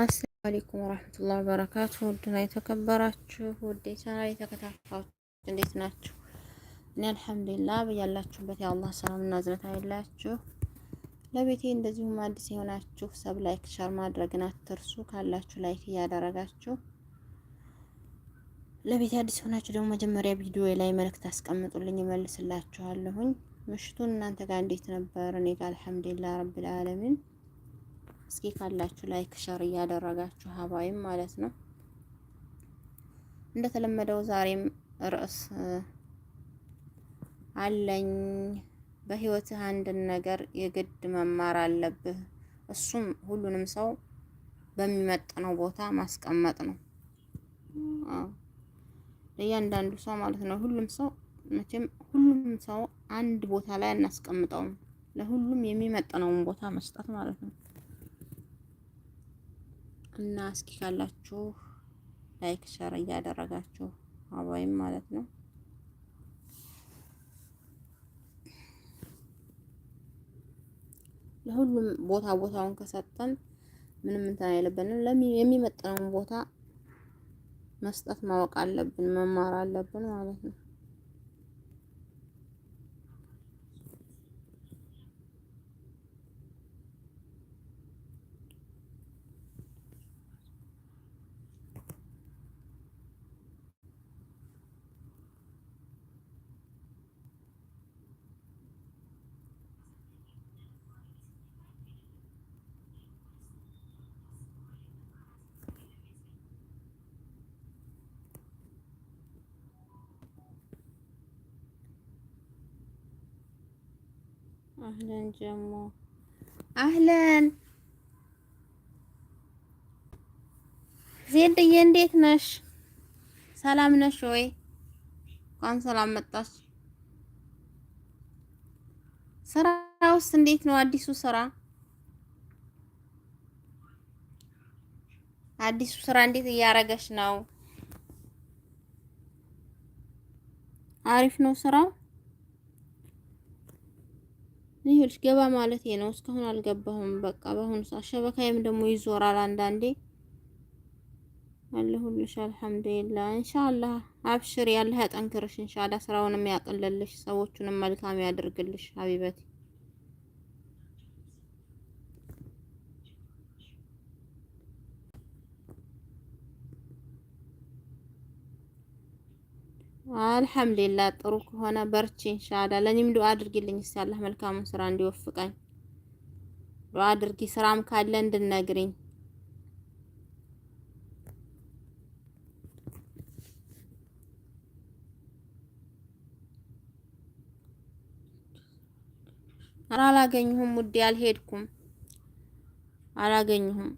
አሰላሙ አለይኩም ወራህመቱላሂ ወበረካቱ። ውድና የተከበራችሁ ውድ የቻናሌ ተከታታዮች እንዴት ናችሁ? እኔ አልሐምዱሊላህ በያላችሁበት የአላህ ሰላምና ዝነት አይለያችሁ። ለቤቴ እንደዚሁም አዲስ የሆናችሁ ሰብ ላይክ፣ ሸር ማድረግን አትርሱ። ካላችሁ ላይክ እያደረጋችሁ ለቤቴ አዲስ የሆናችሁ ደግሞ መጀመሪያ ቪዲዮ ላይ መልእክት አስቀምጡልኝ እመልስላችኋለሁኝ። ምሽቱን እናንተ ጋር እንዴት ነበር? እኔ ጋር አልሐምዱሊላህ ረብል ዓለሚን እስኪ ካላችሁ ላይክ ሸር እያደረጋችሁ ሀባይም ማለት ነው። እንደተለመደው ዛሬም ርዕስ አለኝ። በህይወትህ አንድን ነገር የግድ መማር አለብህ። እሱም ሁሉንም ሰው በሚመጥነው ቦታ ማስቀመጥ ነው። እያንዳንዱ ሰው ማለት ነው። ሁሉም ሰው መቼም ሁሉም ሰው አንድ ቦታ ላይ አናስቀምጠውም። ለሁሉም የሚመጥነውን ቦታ መስጠት ማለት ነው። እና እስኪ ካላችሁ ላይክ ሸር እያደረጋችሁ አባይም ማለት ነው። ለሁሉም ቦታ ቦታውን ከሰጠን ምንም እንትን አይለብንም። የሚመጥነውን ቦታ መስጠት ማወቅ አለብን፣ መማር አለብን ማለት ነው። አህለን ጀሞ አህለን ዜድዬ እንዴት ነሽ? ሰላም ነሽ ወይ? እንኳን ሰላም መጣሽ። ስራ ውስጥ እንዴት ነው? አዲሱ ስራ አዲሱ ስራ እንዴት እያደረገች ነው? አሪፍ ነው ስራው። ይኸውልሽ ገባ ማለት ነው። እስካሁን አልገባሁም። በቃ በአሁኑ ሰዓት ሸበካይም ደግሞ ይዞራል አንዳንዴ። አለሁልሽ አልሐምዱሊላህ። ኢንሻአላህ አብሽር፣ ያለህ ያጠንክርሽ። ኢንሻአላህ ስራውንም ያቀለልሽ፣ ሰዎቹንም መልካም ያድርግልሽ ሀቢበቴ። አልሐምዱሊላ ጥሩ ከሆነ በርቺ። ኢንሻአላ ለኔም ዱአ አድርጊልኝ። እስቲ አላህ መልካሙን ስራ እንዲወፍቀኝ ዱአ አድርጊ። ስራም ካለ እንድነግሪኝ። አላገኘሁም ውዴ፣ አልሄድኩም፣ አላገኘሁም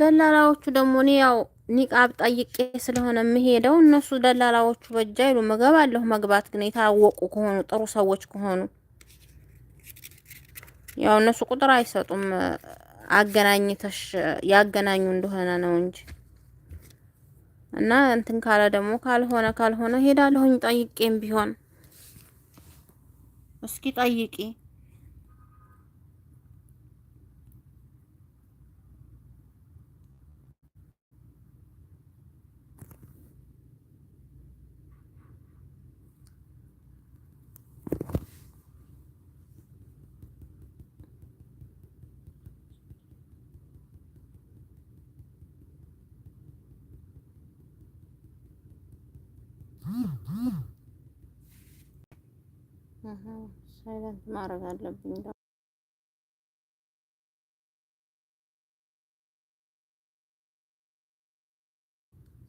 ደላላዎቹ ደግሞ እኔ ያው ኒቃብ ጠይቄ ስለሆነ የምሄደው እነሱ ደላላዎቹ በእጃ ይሉ እገባለሁ። መግባት ግን የታወቁ ከሆኑ ጥሩ ሰዎች ከሆኑ ያው እነሱ ቁጥር አይሰጡም። አገናኝተሽ ያገናኙ እንደሆነ ነው እንጂ እና እንትን ካለ ደግሞ ካልሆነ ካልሆነ ሄዳለሁኝ ጠይቄም ቢሆን እስኪ ጠይቄ ሳይለንት ማድረግ አለብኝ።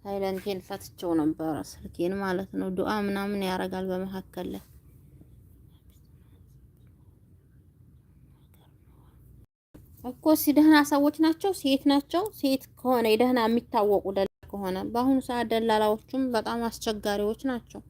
ሳይለንቴን ፈትቼው ነበረ ስልኬን ማለት ነው። ዱአ ምናምን ያደርጋል በመካከል ላይ እኮ ሲደህና ሰዎች ናቸው። ሴት ናቸው። ሴት ከሆነ የደህና የሚታወቁ ደላ ከሆነ በአሁኑ ሰዓት ደላላዎቹም በጣም አስቸጋሪዎች ናቸው።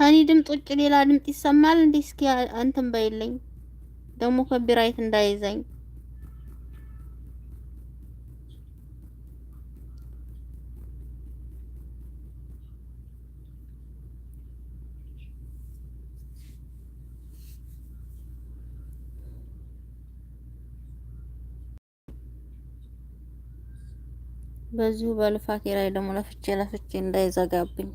ከኔ ድምፅ ውጭ ሌላ ድምፅ ይሰማል እንዴ? እስኪ አንተም ባይለኝ ደግሞ ኮፒራይት እንዳይዘኝ። በዚሁ በልፋቴ ላይ ደግሞ ለፍቼ ለፍቼ እንዳይዘጋብኝ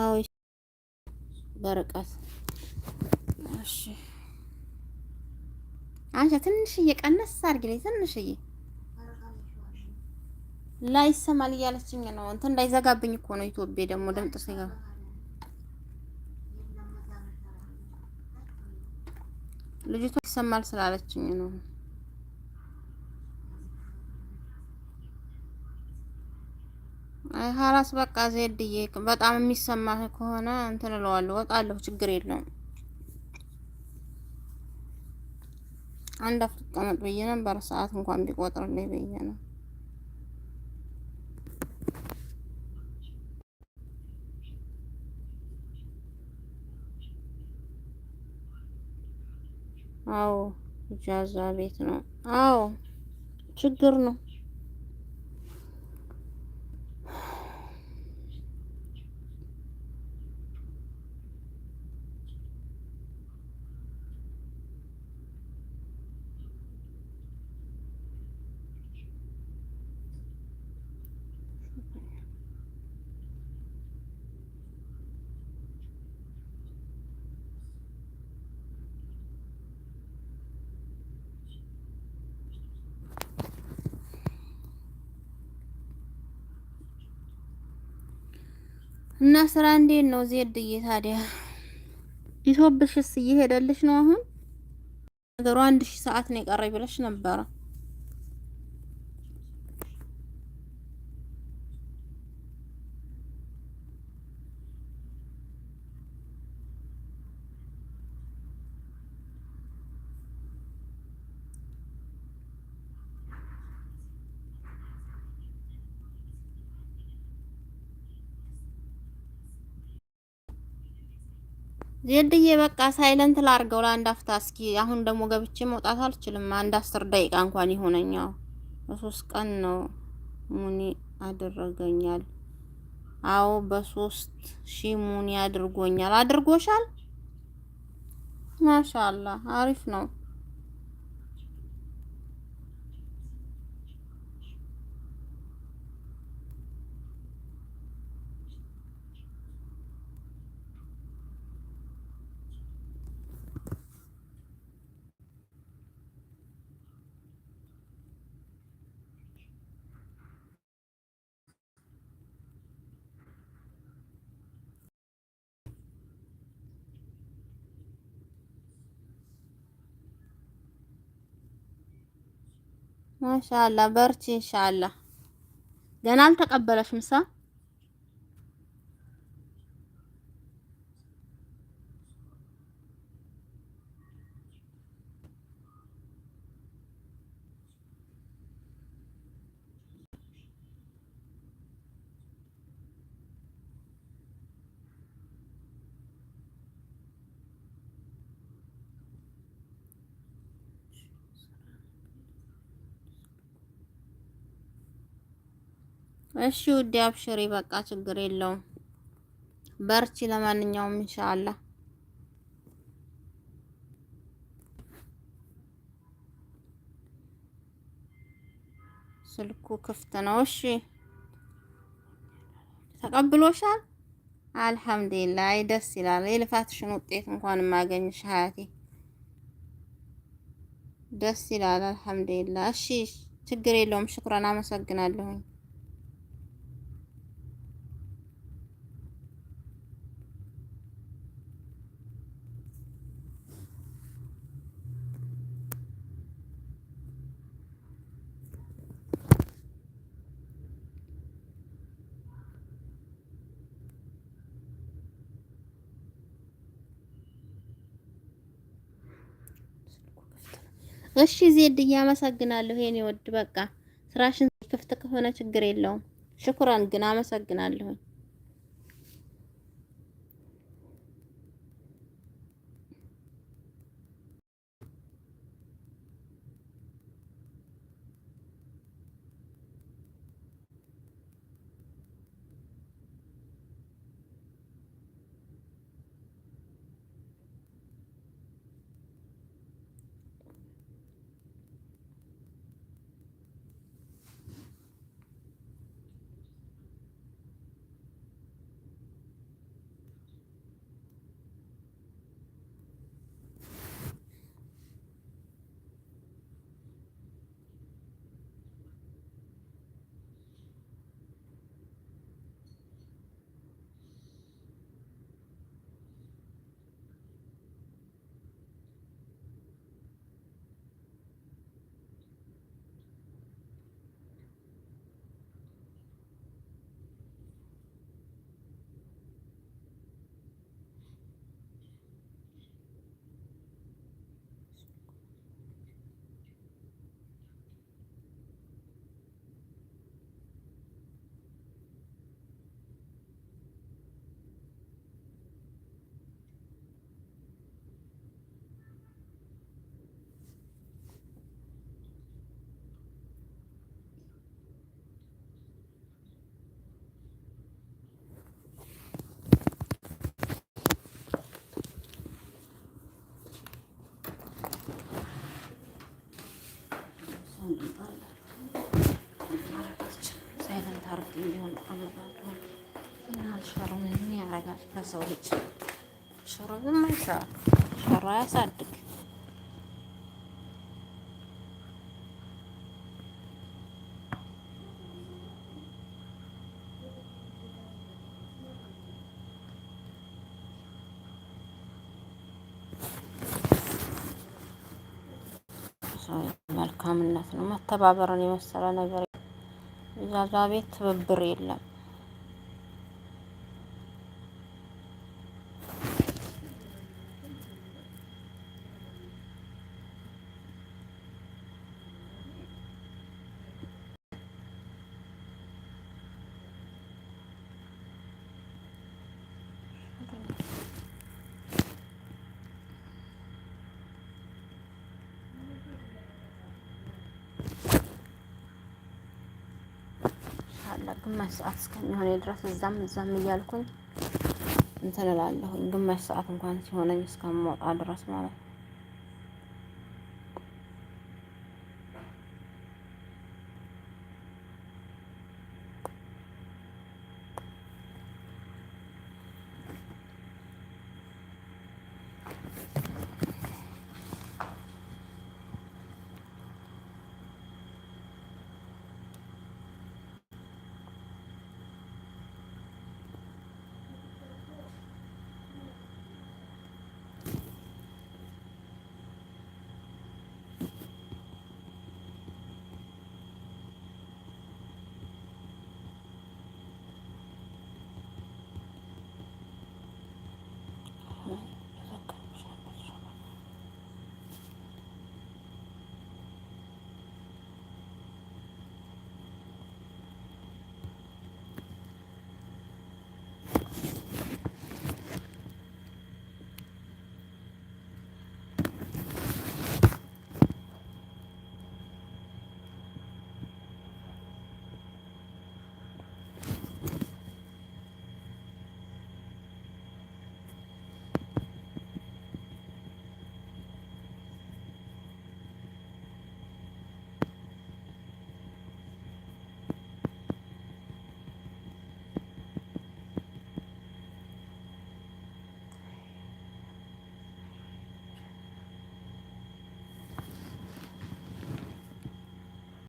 አዎ በርቀት እሺ። አንቺ ትንሽዬ ቀነስ አድርጊልኝ፣ ትንሽዬ ላይ ይሰማል እያለችኝ ነው። እንትን እንዳይዘጋብኝ እኮ ነው። ኢትዮጵያ ደግሞ ድምጽ ሲገባ ልጅቷ ይሰማል ስላለችኝ ነው። ሀላስ በቃ ዜድዬ በጣም የሚሰማህ ከሆነ እንትን እለዋለሁ እወጣለሁ፣ ችግር የለውም። አንድ አፍትቀመጥ ብዬ ነበር፣ ሰዓት እንኳን ቢቆጥርልኝ ብዬ ነው። አዎ እጃዛ ቤት ነው። አዎ ችግር ነው። እና ስራ እንዴት ነው ዜድዬ? ታዲያ ይቶብሽስ እየሄደልሽ ነው? አሁን ነገሩ አንድ ሺህ ሰዓት ነው የቀረኝ ብለሽ ነበረ። ዜድዬ በቃ ሳይለንት ላርገው ለአንድ አፍታ። እስኪ አሁን ደግሞ ገብቼ መውጣት አልችልም። አንድ አስር ደቂቃ እንኳን ይሆነኛው። በሶስት ቀን ነው ሙኒ አደረገኛል። አዎ በሶስት ሺህ ሙኒ አድርጎኛል። አድርጎሻል? ማሻአላህ አሪፍ ነው። ማሻአላ በርቺ። ኢንሻአላ ገና አልተቀበለሽም ሳ እሺ ውዴ አብሽሪ፣ በቃ ችግር የለውም በርቺ። ለማንኛውም ኢንሻአላህ ስልኩ ክፍት ነው። እሺ ተቀብሎሻል። አልሐምዱሊላህ። አይ ደስ ይላል። የልፋትሽን ውጤት እንኳን ማገኝሽ ሀያቴ ደስ ይላል። አልሐምዱሊላህ። እሺ ችግር የለውም። ሽኩረን አመሰግናለሁኝ። እሺ ዜድ አመሰግናለሁ። ይሄን ይወድ በቃ ስራሽን ክፍት ከሆነ ችግር የለውም። ሽኩራን ግን አመሰግናለሁ። ለሰው ልጅ ሸሮ ግን አይሰራ፣ ሸሮ አያሳድግ። መልካምነት ነው። መተባበርን የመሰለ ነገር ቤት ትብብር የለም። ታውቃላችሁ። ግማሽ ሰዓት እስከሚሆነ ድረስ እዛም እዛም እያልኩኝ እንትን እላለሁኝ። ግማሽ ሰዓት እንኳን ሲሆነኝ እስከምወጣ ድረስ ማለት ነው።